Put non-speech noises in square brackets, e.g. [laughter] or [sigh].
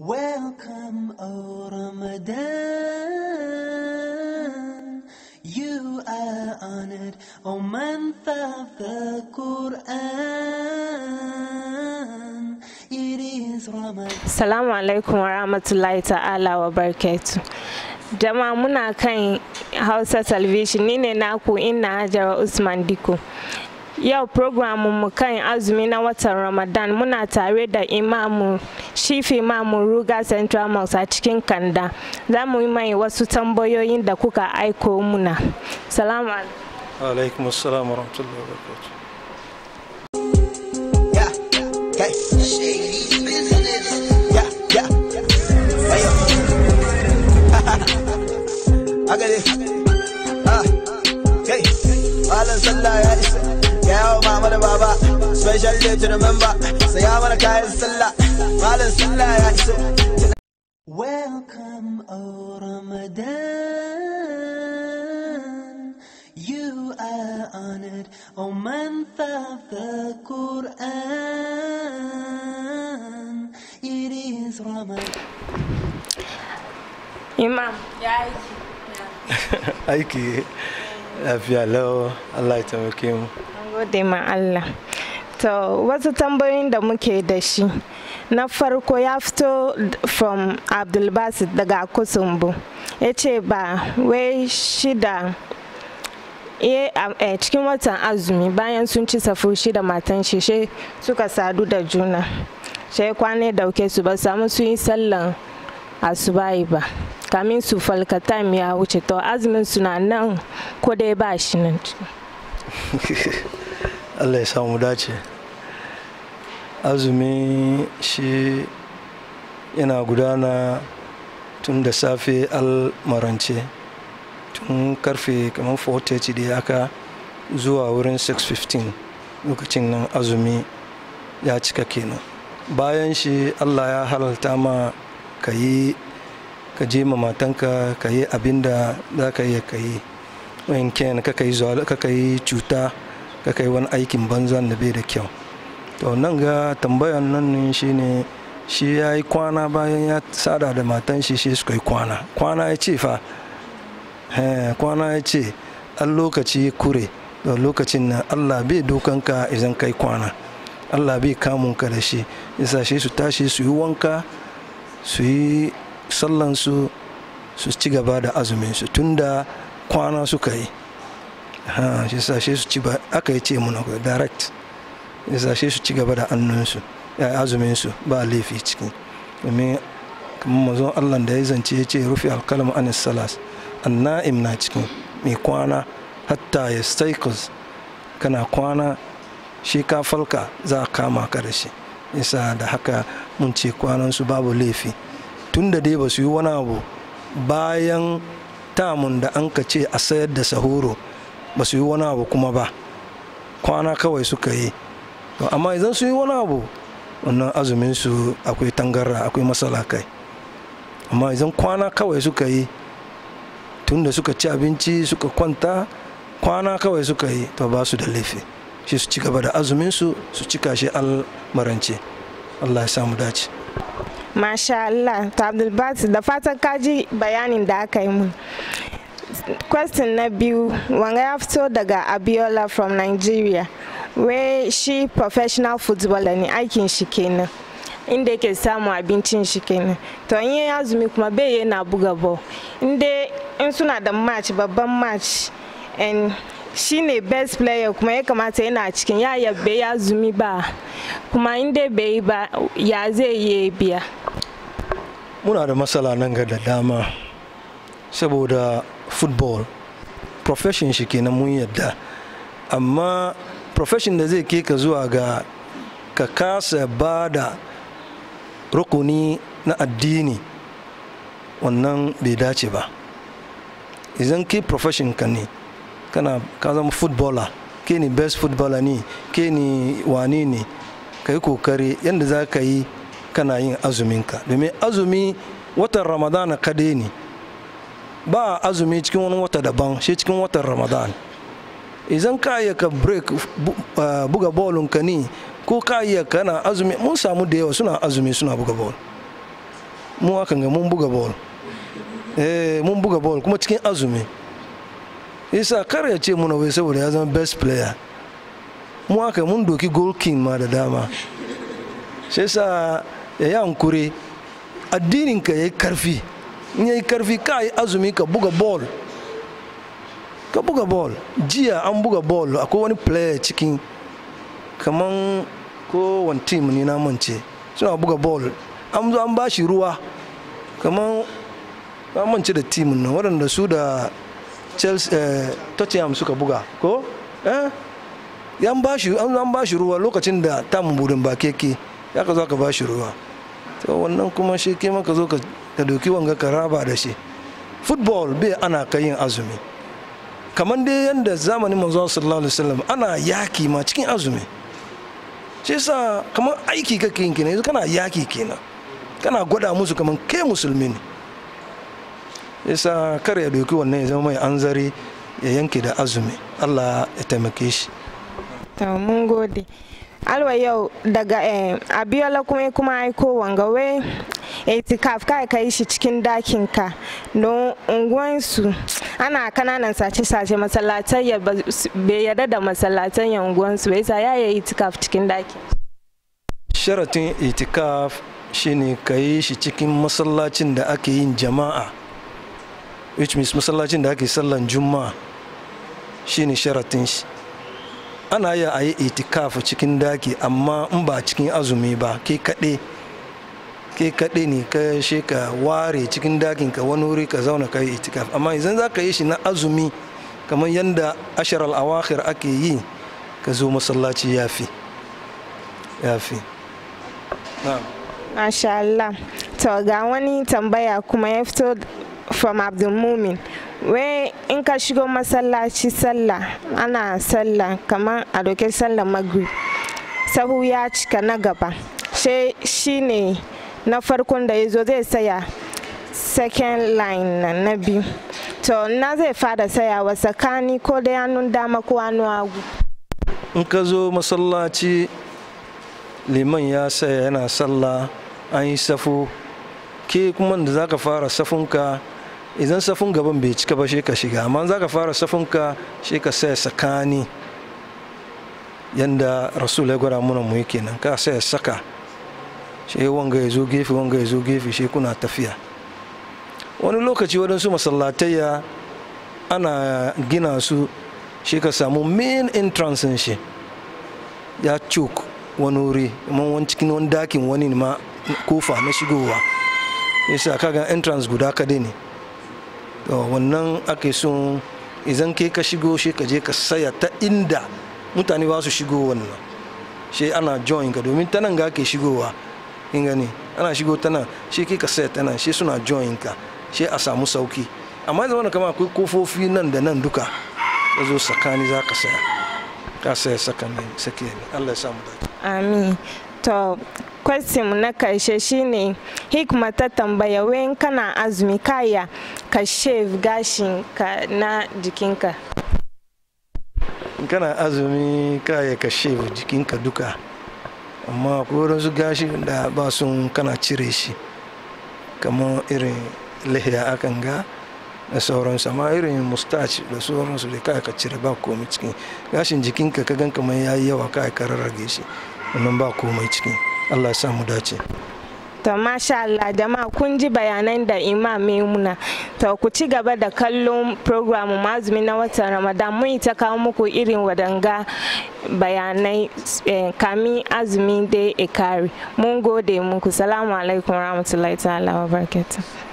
Welcome, O Ramadan. You are honored, O month of the Quran. It is Ramadan. Salamu alaikum wa rahmatullahi ta'ala wa barakatuh. Jama muna kan Hausa Salvation ni ne naku ina Hajara Usman Diko. Yau mu kan azumi na watan Ramadan muna tare da imamu shifi imamu Ruga Central Mosque a cikin Kanda. Za mu yi mai wasu tambayoyin da kuka aiko muna. Salamu alaikum. Alaikum rahmatullahi wa barakatuh. Agade, [laughs] ah, ya isa. Yawa mama da baba Special day to remember Saya mana kayan sallah Malam sallah ya iso Welcome oh Ramadan You are honored oh month of the Quran It is Ramadan Imam Ya aiki Aiki lafiya lau Allah ya taimake mu gode ma Allah to wasu tambayoyin da muke da shi na farko ya fito from abdulbasit daga kusumbu ya ce ba wai shida eh, cikin watan azumi bayan sun ci safu shida matan shi suka sadu da juna shai kwane dauke su ba samu su yi sallan asubahi ba kamin su falka ya wuce to azumin suna nan ko dai ba shi nan [laughs] allah ya samu dace azumi shi yana gudana tun da safe almarance tun karfe kamar 4:30 da haka zuwa wurin 6:15 lokacin nan azumi ya cika kenan bayan shi allah ya halalta ma ka yi ka je ma matanka ka yi abin da za ka iya ka yi wayan kenan ka yi cuta ka kai wani aikin banza da bai da kyau to nan ga tambayan nan ne shine shi ya yi kwana bayan ya sada da matan shi shi suka yi kwana kwana ya ce fa eh, kwana ya ce an lokaci kure da lokacin nan allah bai dokan ka idan kai kwana allah bai kamun ka da shi yasa shi su tashi su yi wanka su yi sallansu su ci gaba da azumin su tunda kwana suka yi shi sa shi su ci ba aka yi ce muna direct sa shi su ci gaba da annunsu azumin su ba laifi ciki domin kamar mazo Allah da ya zance ya ce rufe alkalam an salas anna'im na cikin mai kwana hatta ya staikus kana kwana shi ka falka za a kama ka da shi yasa da haka mun ce kwanansu babu laifi tun da dai ba su yi wani abu bayan tamun da an ka ce a sayar da sahuro ba su yi wani abu kuma ba kwana kawai suka yi amma idan su yi wani abu wannan azumin su akwai tangarra akwai matsala kai amma idan kwana kawai suka yi tun da suka ci abinci suka kwanta kwana kawai suka yi to ba su da laifi shi su ci gaba da azumin su su cika shi almarance allah ya samu dace masha allah ta abdulbatis da fatan kaji bayanin da aka yi mun question na biyu wanga ya fito daga abiola from nigeria we shi professional footballer ne aikin shi kenan inda yake samun abincin shi kenan to in ya azumi kuma bai na buga ball inda in suna da match babban match and shi ne best player kuma ya kamata yana cikin ya yabbe ya zumi ba kuma inda bai ba ya zai yi biya muna da matsala nan ga da dama saboda football profession shi kenan mun yadda amma profession da zai ke ka zuwa ga ka kasa ba da rukuni na addini wannan bai dace ba idan ke profession ka ne kana ka zama footballer ke ne best footballer ne ke ne wane ne ka yi kokari yadda za ka yi kana yin azuminka domin azumi watan ramadana kade ne ba azumi cikin wani wata daban shi cikin watan ramadan idan ka iya ka break eh, buga bolin ka ni ko ka iya kana azumi mun samu da yawa suna azumi suna buga bol mu hakan ga mun buga bol eh mun buga bol kuma cikin azumi isa kar ya ce muna wai saboda ya zama best player mu haka mun doki goal king ma da dama sai sa ya yi hankuri addinin ka ya yi karfi in yayi karfi ka yi azumi ka buga ball ka buga ball jiya an buga ball akwai wani player cikin kaman ko wani team ne na mance suna buga ball an zo an bashi ruwa kaman na mance da team nan waɗanda su da chelsea eh, tottenham suka buga ko eh yan bashi an bashi ruwa lokacin da tamu burin ba keke ya ka zo ka bashi ruwa to wannan kuma shi ke maka zo ka ka doki wanga ka raba da shi football bai ana ka yin azumi kamar dai yadda zamanin manzo sallallahu alaihi wasallam ana yaki ma cikin azumi shi yasa kamar aiki kake yin kenan kana yaki kenan kana gwada musu kamar kai musulmi ne yasa kar ya doki wannan ya zama mai anzari ya yanke da azumi allah ya taimake shi mun gode alwa yau daga eh, abiola kuma kuma aiko wanga etikaf kai ka yi shi cikin dakin ka don unguwansu ana kananan sace-sace masallatan ya be yarda da masallatan ya unguwansu bai sa ya yi itikaf cikin dakin sharatin itikaf shine ka yi shi cikin masallacin da ake yin jama'a which means masallacin da ake sallan juma'a shine sharatin shi ana yi a yi itikaf cikin daki amma in ba cikin azumi ba ke kaɗai ke kaɗe ne ka she ka ware cikin dakin ka wani wuri ka zauna ka yi itikaf amma idan za ka yi shi na azumi kamar yadda ashar al'awakhir ake yi ka zo masallaci ya fi ya fi Masha Allah. To ga wani tambaya kuma ya fito from Abdul Mumin. Wai in ka shigo masallaci sallah ana sallah kamar a doke sallah magu Sahu ya cika na gaba. Shi ne na farkon da ya zo zai saya second line na biyu to na zai fara sayawa tsakani ko da yanun dama ko hannu agu in ka zo masallaci liman ya saya yana sallah an yi safo ke kuma da za ka fara safunka idan safun gaban bai cika ba shi ka shiga amma za ka fara safunka shi ka saya tsakani yadda rasul ya gwada muna mu kenan ka saya saka shi wanga ya zo gefe wanga ya zo gefe shi kuna tafiya wani lokaci waɗansu masallatayya ana gina su shi ka samu main entrance shi ya cuk wani wuri wani cikin wani dakin wani ma kofa na shigowa yasa kaga entrance guda kade ne to wannan ake son idan ke ka shigo shi ka je ka saya ta inda mutane ba su shigo wannan shi ana join ka domin ta ga ke shigowa in gani ana shigo tana shi ke ka saya tana shi suna join ka shi a samu sauki amma zama na kama akwai kofofi nan da nan duka ya zo tsakani za ka saya ka saya sake ne allah ya samu dace amin to kwasim na karshe shine hikma ta tambaya wayan kana azumi kaya ka shave gashin ka na jikinka kana azumi kaya ka shave jikinka duka amma akwai wasu gashi da ba sun kana cire shi kamar irin lahiya akan ga da sauransu amma irin mustach da sauransu da kai ka cire ba komai cikin gashin jikinka ka gan kamar yayi yawa kai ka rarrage shi wannan ba komai cikin Allah ya mu dace To masha Allah jama'a kun ji bayanan da Imam Maimuna. To ku ci gaba da kallon program mazumi na watan Ramadan mun ta kawo muku irin wadanga bayanai eh, kami azumi dai ikari. Mun gode muku. Salamu alaikum rahmatullahi ta'ala wa barakatuh.